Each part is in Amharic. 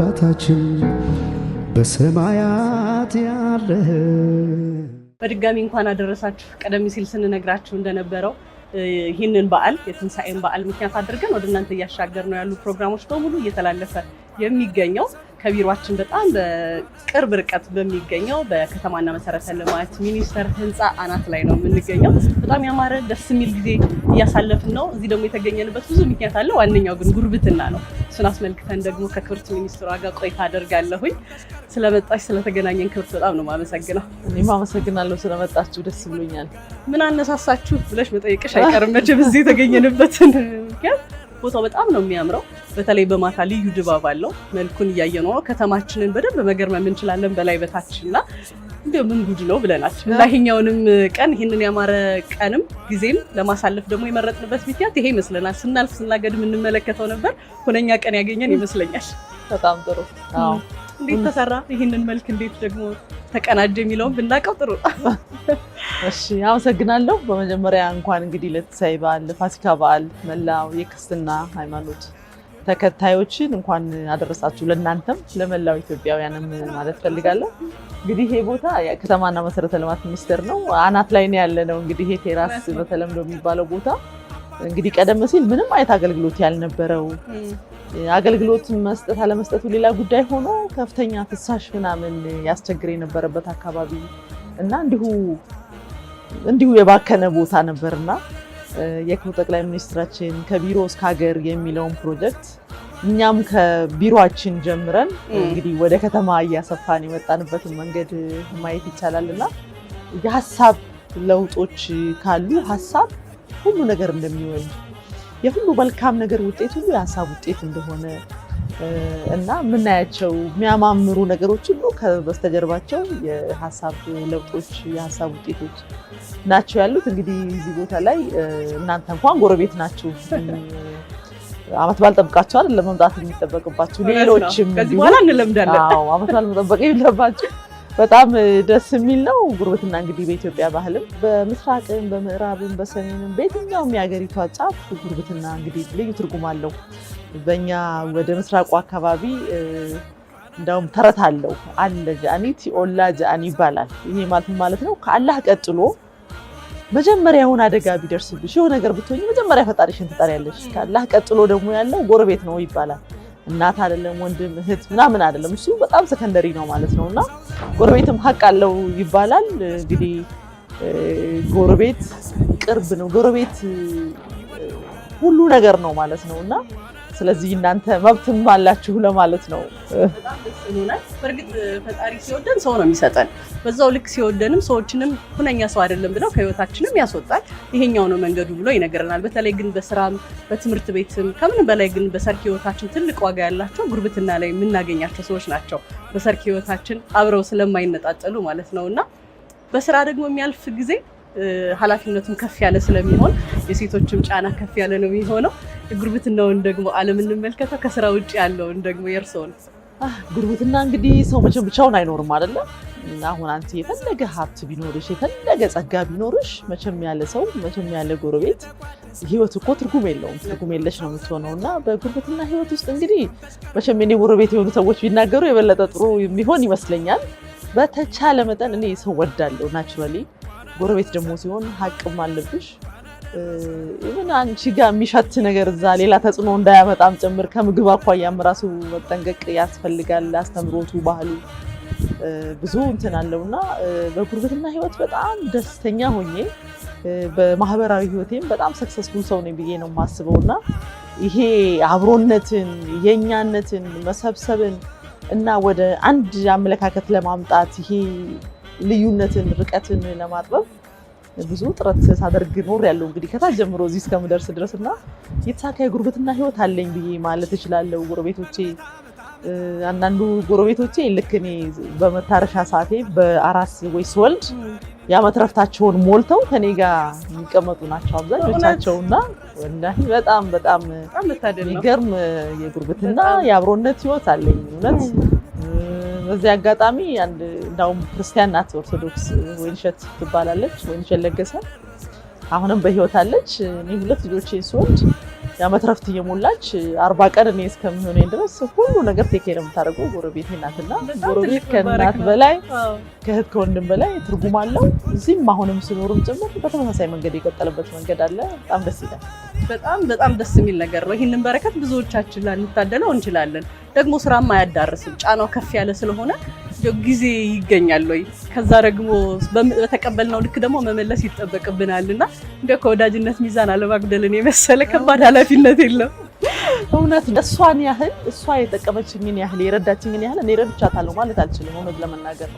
አባታችን በሰማያት ያለህ። በድጋሚ እንኳን አደረሳችሁ። ቀደም ሲል ስንነግራችሁ እንደነበረው ይህንን በዓል የትንሣኤን በዓል ምክንያት አድርገን ወደ እናንተ እያሻገር ነው ያሉ ፕሮግራሞች በሙሉ እየተላለፈ የሚገኘው ከቢሮችን በጣም በቅርብ ርቀት በሚገኘው በከተማና መሰረተ ልማት ሚኒስቴር ህንፃ አናት ላይ ነው የምንገኘው። በጣም ያማረ ደስ የሚል ጊዜ እያሳለፍን ነው። እዚህ ደግሞ የተገኘንበት ብዙ ምክንያት አለ። ዋነኛው ግን ጉርብትና ነው። እሱን አስመልክተን ደግሞ ከክብርት ሚኒስትሯ ጋር ቆይታ አደርጋለሁኝ። ስለመጣች ስለተገናኘን ክብርት በጣም ነው ማመሰግነው። እኔም አመሰግናለሁ ስለመጣችሁ፣ ደስ ብሎኛል። ምን አነሳሳችሁ ብለሽ መጠየቅሽ አይቀርም መቼም እዚህ የተገኘንበትን ምክንያት ቦታው በጣም ነው የሚያምረው። በተለይ በማታ ልዩ ድባብ አለው። መልኩን እያየ ነው ከተማችንን በደንብ መገርመም እንችላለን። በላይ በታችንና እንዲያው ምን ጉድ ነው ብለናል። ላይኛውንም ቀን ይህንን ያማረ ቀንም ጊዜም ለማሳለፍ ደግሞ የመረጥንበት ምክንያት ይሄ ይመስለናል። ስናልፍ ስናገድ የምንመለከተው ነበር። ሁነኛ ቀን ያገኘን ይመስለኛል። በጣም ጥሩ እንዴት ተሰራ፣ ይህንን መልክ እንዴት ደግሞ ተቀናጀ የሚለውን ብናውቀው ጥሩ ነው። እሺ አመሰግናለሁ። በመጀመሪያ እንኳን እንግዲህ ለትንሳኤ በዓል ለፋሲካ በዓል መላው የክርስትና ሃይማኖት ተከታዮችን እንኳን አደረሳችሁ። ለእናንተም ለመላው ኢትዮጵያውያንም ማለት ፈልጋለሁ። እንግዲህ ይሄ ቦታ ከተማና መሰረተ ልማት ሚኒስቴር ነው፣ አናት ላይ ነው ያለ ነው። እንግዲህ ይሄ ቴራስ በተለምዶ የሚባለው ቦታ እንግዲህ ቀደም ሲል ምንም አይነት አገልግሎት ያልነበረው አገልግሎት መስጠት አለመስጠቱ ሌላ ጉዳይ ሆኖ ከፍተኛ ፍሳሽ ምናምን ያስቸግር የነበረበት አካባቢ እና እንዲሁ እንዲሁ የባከነ ቦታ ነበርና የክቡር ጠቅላይ ሚኒስትራችን ከቢሮ እስከ ሀገር የሚለውን ፕሮጀክት እኛም ከቢሮችን ጀምረን እንግዲህ ወደ ከተማ እያሰፋን የመጣንበትን መንገድ ማየት ይቻላል እና የሀሳብ ለውጦች ካሉ ሀሳብ ሁሉ ነገር እንደሚሆን የሁሉ መልካም ነገር ውጤት ሁሉ የሀሳብ ውጤት እንደሆነ እና የምናያቸው የሚያማምሩ ነገሮች ሁሉ ከበስተጀርባቸው የሀሳብ ለውጦች የሀሳብ ውጤቶች ናቸው ያሉት። እንግዲህ እዚህ ቦታ ላይ እናንተ እንኳን ጎረቤት ናችሁ። አመት ባል ጠብቃችሁ ለመምጣት የሚጠበቅባችሁ ሌሎችም አመት ባል መጠበቅ የለባችሁ በጣም ደስ የሚል ነው። ጉርብትና እንግዲህ በኢትዮጵያ ባህልም በምስራቅም በምዕራብም በሰሜንም በየትኛውም የሀገሪቷ ጫፍ ጉርብትና እንግዲህ ልዩ ትርጉም አለው። በእኛ ወደ ምስራቁ አካባቢ እንዳውም ተረት አለው። አለ ጃኒ ቲኦላ ጃኒ ይባላል። ይሄ ማለት ማለት ነው ከአላህ ቀጥሎ መጀመሪያ የሆነ አደጋ ቢደርስብሽ የሆነ ነገር ብትሆኝ መጀመሪያ ፈጣሪሽን ትጠሪያለሽ። ከአላህ ቀጥሎ ደግሞ ያለው ጎረቤት ነው ይባላል። እናት አይደለም ወንድም እህት ምናምን አይደለም። እሱ በጣም ሰከንደሪ ነው ማለት ነው። እና ጎረቤትም ሀቅ አለው ይባላል እንግዲህ ጎረቤት ቅርብ ነው። ጎረቤት ሁሉ ነገር ነው ማለት ነው እና ስለዚህ እናንተ መብትም አላችሁ ለማለት ነው። በእርግጥ ፈጣሪ ሲወደን ሰው ነው የሚሰጠን። በዛው ልክ ሲወደንም ሰዎችንም ሁነኛ ሰው አይደለም ብለው ከህይወታችንም ያስወጣል። ይሄኛው ነው መንገዱ ብሎ ይነግረናል። በተለይ ግን በስራም በትምህርት ቤትም ከምንም በላይ ግን በሰርክ ህይወታችን ትልቅ ዋጋ ያላቸው ጉርብትና ላይ የምናገኛቸው ሰዎች ናቸው። በሰርክ ህይወታችን አብረው ስለማይነጣጠሉ ማለት ነው እና በስራ ደግሞ የሚያልፍ ጊዜ ሀላፊነቱም ከፍ ያለ ስለሚሆን የሴቶችም ጫና ከፍ ያለ ነው የሚሆነው ጉርብትናውን ደግሞ አለም እንመልከተው። ከስራ ውጭ ያለውን ደግሞ የእርስዎን ጉርብትና እንግዲህ ሰው መቼም ብቻውን አይኖርም አይደለም። አሁን አንቺ የፈለገ ሀብት ቢኖርሽ የፈለገ ጸጋ ቢኖርሽ መቼም ያለ ሰው መቼም ያለ ጎረቤት ህይወት እኮ ትርጉም የለውም። ትርጉም የለሽ ነው የምትሆነው እና በጉርብትና ህይወት ውስጥ እንግዲህ መቼም የኔ ጎረቤት የሆኑ ሰዎች ቢናገሩ የበለጠ ጥሩ የሚሆን ይመስለኛል። በተቻለ መጠን እኔ ሰው ወዳለሁ ናቹራሊ። ጎረቤት ደግሞ ሲሆን ሀቅም አለብሽ ይሁን አንቺ ጋር የሚሸት ነገር እዛ ሌላ ተጽዕኖ እንዳያመጣም ጭምር ከምግብ አኳያም ራሱ መጠንቀቅ ያስፈልጋል። አስተምሮቱ ባህሉ ብዙ እንትን አለው እና በጉርብትና ህይወት በጣም ደስተኛ ሆኜ በማህበራዊ ህይወቴም በጣም ሰክሰስፉል ሰው ነኝ ብዬ ነው የማስበው እና ይሄ አብሮነትን የእኛነትን መሰብሰብን እና ወደ አንድ አመለካከት ለማምጣት ይሄ ልዩነትን ርቀትን ለማጥበብ ብዙ ጥረት ሳደርግ ኖር ያለው እንግዲህ ከታች ጀምሮ እዚህ እስከምደርስ ድረስ እና የተሳካ የጉርብትና ህይወት አለኝ ብዬ ማለት እችላለሁ። ጎረቤቶቼ አንዳንዱ ጎረቤቶቼ ልክ እኔ በመታረሻ ሰዓቴ በአራስ ወይ ስወልድ የዓመት ረፍታቸውን ሞልተው ከኔ ጋር የሚቀመጡ ናቸው አብዛኞቻቸው እና በጣም በጣም የሚገርም የጉርብትና የአብሮነት ህይወት አለኝ እውነት በዚህ አጋጣሚ አንድ እንዳውም ክርስቲያን ናት ኦርቶዶክስ ወይንሸት ትባላለች። ወይንሸት ለገሰ አሁንም በህይወት አለች። እኔ ሁለት ልጆቼ ስወልድ የዓመት ረፍት እየሞላች አርባ ቀን እኔ እስከሚሆነኝ ድረስ ሁሉ ነገር ቴኬር የምታደርገው ጎረቤት ናትና ጎረቤት ከእናት በላይ ከእህት ከወንድም በላይ ትርጉም አለው። እዚህም አሁንም ስኖርም ጭምር በተመሳሳይ መንገድ የቀጠለበት መንገድ አለ። በጣም ደስ ይላል። በጣም በጣም ደስ የሚል ነገር ነው። ይህንን በረከት ብዙዎቻችን ላንታደለው እንችላለን። ደግሞ ስራም አያዳርስም ጫናው ከፍ ያለ ስለሆነ ጊዜ ይገኛል ወይ? ከዛ ደግሞ በተቀበልነው ልክ ደግሞ መመለስ ይጠበቅብናል እና እንደ ከወዳጅነት ሚዛን አለማጉደልን የመሰለ ከባድ ኃላፊነት የለም። እውነት እሷን ያህል እሷ የተጠቀመችኝን ያህል የረዳችኝን ያህል እኔ ረድቻታለሁ ማለት አልችልም፣ እውነት ለመናገር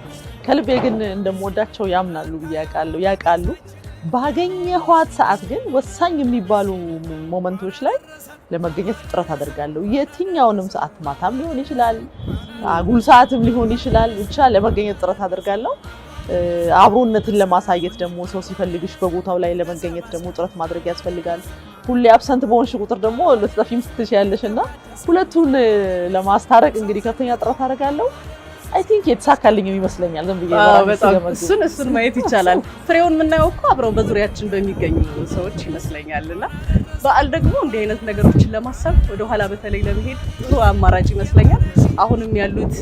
ከልቤ ግን እንደምወዳቸው ያምናሉ ብዬ ያውቃሉ። ባገኘኋት ሰዓት ግን ወሳኝ የሚባሉ ሞመንቶች ላይ ለመገኘት ጥረት አደርጋለሁ። የትኛውንም ሰዓት ማታም ሊሆን ይችላል አጉል ሰዓትም ሊሆን ይችላል። ብቻ ለመገኘት ጥረት አድርጋለሁ። አብሮነትን ለማሳየት ደግሞ ሰው ሲፈልግሽ በቦታው ላይ ለመገኘት ደግሞ ጥረት ማድረግ ያስፈልጋል። ሁሌ አብሰንት በሆንሽ ቁጥር ደግሞ ልትጠፊም ትችያለሽ እና ሁለቱን ለማስታረቅ እንግዲህ ከፍተኛ ጥረት አደርጋለሁ። አይ ቲንክ የተሳካልኝም ይመስለኛል። ዝም ብዬ እሱን እሱን ማየት ይቻላል። ፍሬውን የምናየው እኮ አብረው በዙሪያችን በሚገኙ ሰዎች ይመስለኛል እና በዓል ደግሞ እንዲህ አይነት ነገሮችን ለማሰብ ወደኋላ በተለይ ለመሄድ ጥሩ አማራጭ ይመስለኛል። አሁንም ያሉት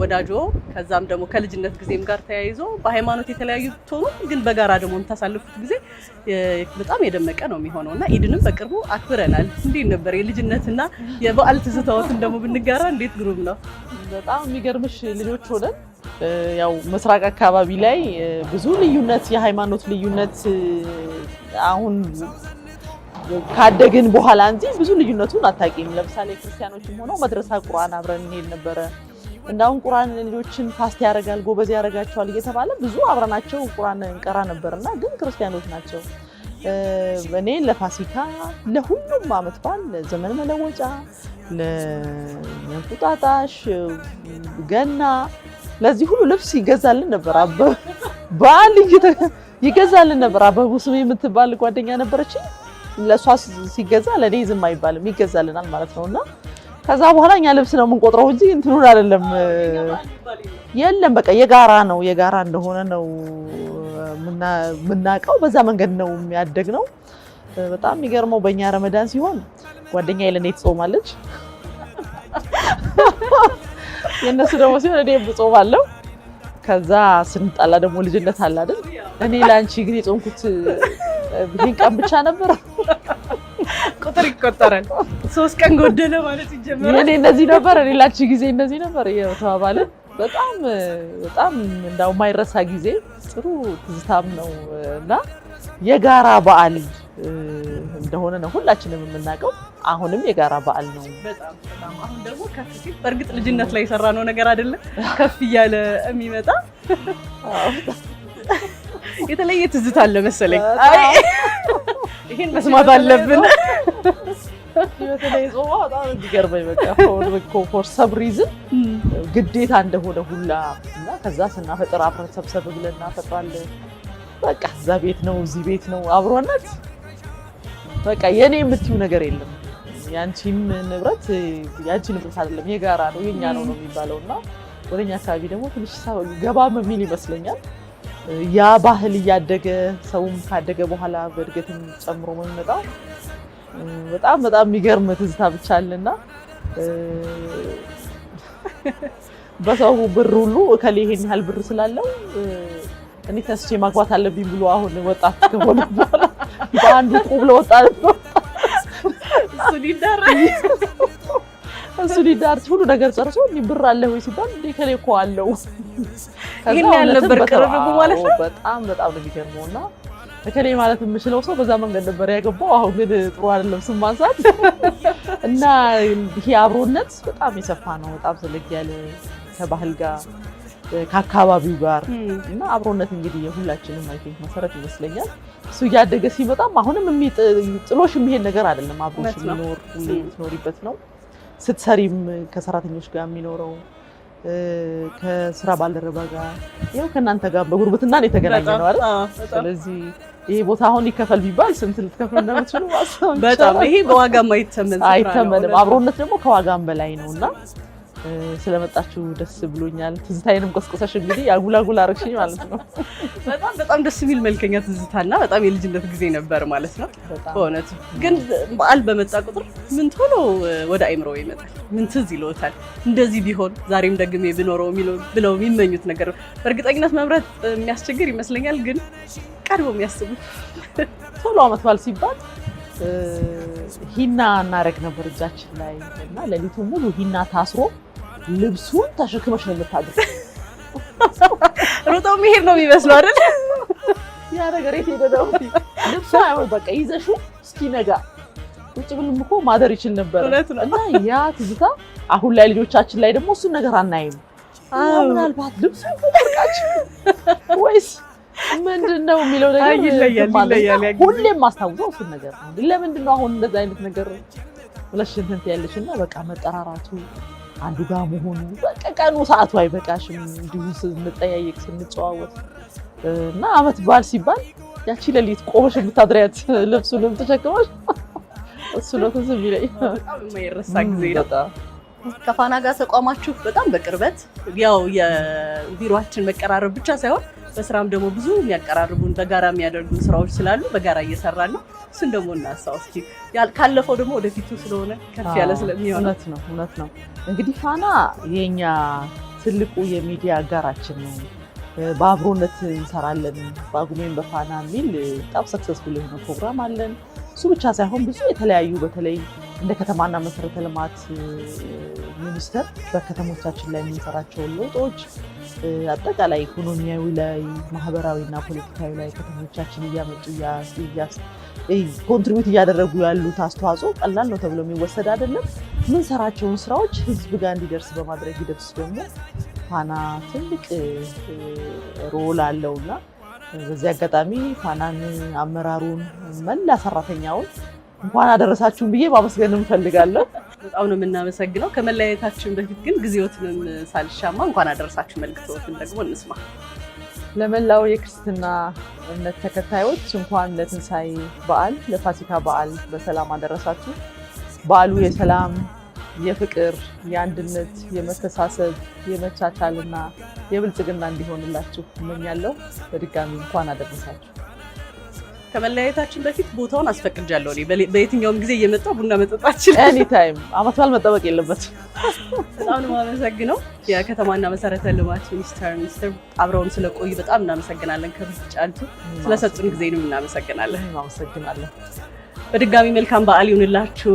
ወዳጆ ከዛም ደግሞ ከልጅነት ጊዜም ጋር ተያይዞ በሃይማኖት የተለያዩ ብትሆኑ ግን በጋራ ደግሞ የምታሳልፉት ጊዜ በጣም የደመቀ ነው የሚሆነው እና ኢድንም በቅርቡ አክብረናል። እንዴት ነበር የልጅነትና የበዓል ትዝታዎትን ደግሞ ብንጋራ እንዴት ግሩም ነው። በጣም የሚገርምሽ ልጆች ሆነን ያው ምስራቅ አካባቢ ላይ ብዙ ልዩነት የሃይማኖት ልዩነት አሁን ካደግን በኋላ እንጂ ብዙ ልዩነቱን አታውቂም። ለምሳሌ ክርስቲያኖችም ሆነው መድረሳ ቁርአን አብረን እንሄድ ነበረ። እንዳሁን ቁርአን ልጆችን ፋስት ያደርጋል ጎበዝ ያደርጋቸዋል እየተባለ ብዙ አብረናቸው ቁርአን እንቀራ ነበርና ግን ክርስቲያኖች ናቸው። እኔ ለፋሲካ ለሁሉም አመት በዓል ለዘመን መለወጫ፣ ለእንቁጣጣሽ፣ ገና ለዚህ ሁሉ ልብስ ይገዛልን ነበር። በዓል ይገዛልን ነበር። አበቡ ስሜ የምትባል ጓደኛ ነበረች። ለእሷ ሲገዛ ለእኔ ዝም አይባልም ይገዛልናል ማለት ነው። እና ከዛ በኋላ እኛ ልብስ ነው የምንቆጥረው እንጂ እንትኑን አይደለም። የለም በቃ የጋራ ነው የጋራ እንደሆነ ነው የምናውቀው። በዛ መንገድ ነው የሚያደግ ነው። በጣም የሚገርመው በእኛ ረመዳን ሲሆን ጓደኛ የለኔ ትጾማለች፣ የእነሱ ደግሞ ሲሆን እኔ ብጾማለሁ። ከዛ ስንጣላ ደግሞ ልጅነት አለ አይደል? እኔ ለአንቺ ግን የጾምኩት ይሄን ቀን ብቻ ነበር። ቁጥር ይቆጠራል። ሶስት ቀን ጎደለ ማለት ይጀምራል። እኔ እንደዚህ ነበር፣ እኔ ጊዜ እነዚህ ነበር የተባባልን። በጣም በጣም እንዳው የማይረሳ ጊዜ ጥሩ ትዝታም ነው እና የጋራ በዓል እንደሆነ ነው ሁላችንም የምናውቀው። አሁንም የጋራ በዓል ነው። አሁን ደግሞ ከፍ ሲል በእርግጥ ልጅነት ላይ የሰራ ነው ነገር አይደለም፣ ከፍ እያለ የሚመጣ የተለየ ትዝታ አለ መሰለኝ። ይህን መስማት አለብን። በተለይ ጾማ በጣም እንዲገርመኝ በቃ ፎር ሰብ ሪዝን ግዴታ እንደሆነ ሁላ እና ከዛ ስናፈጥር አብረን ሰብሰብ ብለን እናፈጥራለን። በቃ እዛ ቤት ነው እዚህ ቤት ነው አብሮነት። በቃ የእኔ የምትዩ ነገር የለም። የአንቺም ንብረት የአንቺ ንብረት አይደለም የጋራ ነው የኛ ነው ነው የሚባለው እና ወደኛ አካባቢ ደግሞ ትንሽ ገባም የሚል ይመስለኛል ያ ባህል እያደገ ሰውም ካደገ በኋላ በእድገትም ጨምሮ የሚመጣው በጣም በጣም የሚገርም ትዝታ ብቻ አለና በሰው ብር ሁሉ እከሌ ይሄን ያህል ብር ስላለው እኔ ተስቼ ማግባት አለብኝ ብሎ አሁን ወጣት ከሆነ በኋላ በአንዱ ቁብ ለወጣ ነው እሱ ሊደረግ እሱ ሊዳ ሁሉ ነገር ጨርሶ ብር አለ ወይ ሲባል ከኔ እኮ አለው ይህን ያህል ነበር ቅርርቡ ማለት ነው። በጣም በጣም ነው የሚገርመው እና ከኔ ማለት የምችለው ሰው በዛ መንገድ ነበር ያገባው። አሁን ግን ጥሩ አይደለም ስም ማንሳት እና ይሄ አብሮነት በጣም የሰፋ ነው። በጣም ዘለግ ያለ ከባህል ጋር ከአካባቢው ጋር እና አብሮነት እንግዲህ የሁላችንም አይ ቲንክ መሰረት ይመስለኛል። እሱ እያደገ ሲመጣም አሁንም ጥሎሽ የሚሄድ ነገር አይደለም። አብሮሽ የሚኖር ሁሌ የምትኖሪበት ነው ስትሰሪም ከሰራተኞች ጋር የሚኖረው ከስራ ባልደረባ ጋር ያው ከእናንተ ጋር በጉርብትና ነው የተገናኘነው አይደል? ስለዚህ ይሄ ቦታ አሁን ይከፈል ቢባል ስንት ልትከፍል እንደምትችሉ በጣም ይሄ በዋጋም አይተመንም። አብሮነት ደግሞ ከዋጋም በላይ ነው እና ስለመጣችሁ ደስ ብሎኛል። ትዝታዬንም ቆስቆሰሽ እንግዲህ አጉላጉል አረግሽኝ ማለት ነው። በጣም በጣም ደስ የሚል መልከኛ ትዝታና በጣም የልጅነት ጊዜ ነበር ማለት ነው። በእውነቱ ግን በዓል በመጣ ቁጥር ምን ቶሎ ወደ አይምሮ ይመጣል፣ ምን ትዝ ይለዎታል፣ እንደዚህ ቢሆን ዛሬም ደግሜ ብኖረው ብለው የሚመኙት ነገር። በእርግጠኝነት መምረጥ የሚያስቸግር ይመስለኛል፣ ግን ቀድሞ የሚያስቡ ቶሎ አመት በዓል ሲባል ሂና እናደርግ ነበር እጃችን ላይ እና ሌሊቱ ሙሉ ሂና ታስሮ ልብሱን ተሸክመሽ ነው የምታድር። ሮጠው መሄድ ነው የሚመስለው አይደል? ያ ነገር የት ሄደ ነው? ልብሱ አይሆን በቃ ይዘሹ እስኪ ነጋ ውጭ ብልም እኮ ማደር ይችል ነበር። እና ያ ትዝታ አሁን ላይ ልጆቻችን ላይ ደግሞ እሱን ነገር አናይም። ምናልባት ልብሱ ተጠርቃችን ወይስ ምንድን ነው የሚለው ነገር ይለያል። ሁሌም ማስታውሰው እሱን ነገር ነው። ለምንድን ነው አሁን እንደዚህ አይነት ነገር ብለሽ እንትን ትያለሽ እና በቃ መጠራራቱ አንዱ ጋር መሆኑ በቃ ቀኑ ሰዓቱ አይበቃሽም። እንዲሁ ስንጠያየቅ ስንጨዋወት እና አመት በዓል ሲባል ያቺ ሌሊት ቆመሽ የምታድሪያት ልብሱ ልብሱንም ተሸክመሽ እሱ ነው ትዝ የሚለኝ። የማይረሳ ጊዜ ነው። ከፋና ጋር ተቋማችሁ በጣም በቅርበት ያው የቢሮችን መቀራረብ ብቻ ሳይሆን በስራም ደግሞ ብዙ የሚያቀራርቡን በጋራ የሚያደርጉን ስራዎች ስላሉ በጋራ እየሰራን ነው። እሱን ደግሞ እናሳው እስኪ ካለፈው ደግሞ ወደፊቱ ስለሆነ ከፍ ያለ ስለሚሆን እውነት ነው እውነት ነው። እንግዲህ ፋና የኛ ትልቁ የሚዲያ አጋራችን ነው። በአብሮነት እንሰራለን። በአጉሜን በፋና የሚል በጣም ሰክሰስፉል የሆነ ፕሮግራም አለን። እሱ ብቻ ሳይሆን ብዙ የተለያዩ በተለይ እንደ ከተማና መሰረተ ልማት ሚኒስቴር በከተሞቻችን ላይ የምንሰራቸውን ለውጦች አጠቃላይ ኢኮኖሚያዊ ላይ ማህበራዊና ፖለቲካዊ ላይ ከተሞቻችን እያመጡ ኮንትሪቢዩት እያደረጉ ያሉት አስተዋጽኦ ቀላል ነው ተብሎ የሚወሰድ አይደለም። የምንሰራቸውን ስራዎች ህዝብ ጋር እንዲደርስ በማድረግ ሂደት ውስጥ ደግሞ ፋና ትልቅ ሮል አለውና በዚህ አጋጣሚ ፋናን አመራሩን መላ ሰራተኛውን እንኳን አደረሳችሁን ብዬ ማመስገን እንፈልጋለሁ። በጣም ነው የምናመሰግነው። ከመለያየታችን በፊት ግን ጊዜዎትንም ሳልሻማ እንኳን አደረሳችሁ መልክቶትን ደግሞ እንስማ። ለመላው የክርስትና እምነት ተከታዮች እንኳን ለትንሣኤ በዓል ለፋሲካ በዓል በሰላም አደረሳችሁ። በዓሉ የሰላም የፍቅር፣ የአንድነት፣ የመተሳሰብ፣ የመቻቻልና የብልጽግና እንዲሆንላችሁ እመኛለሁ። በድጋሚ እንኳን አደረሳችሁ። ከመለያየታችን በፊት ቦታውን አስፈቅጃለሁ። በየትኛውም ጊዜ እየመጣ ቡና መጠጣችን ኤኒ ታይም አመት በዓል መጠበቅ የለበት። በጣም ነው የማመሰግነው የከተማና መሰረተ ልማት ሚኒስቴር ሚኒስትር አብረውን ስለቆዩ በጣም እናመሰግናለን። ከብዙ ስለሰጡን ጊዜንም እናመሰግናለን። አመሰግናለን። በድጋሚ መልካም በዓል ይሁንላችሁ።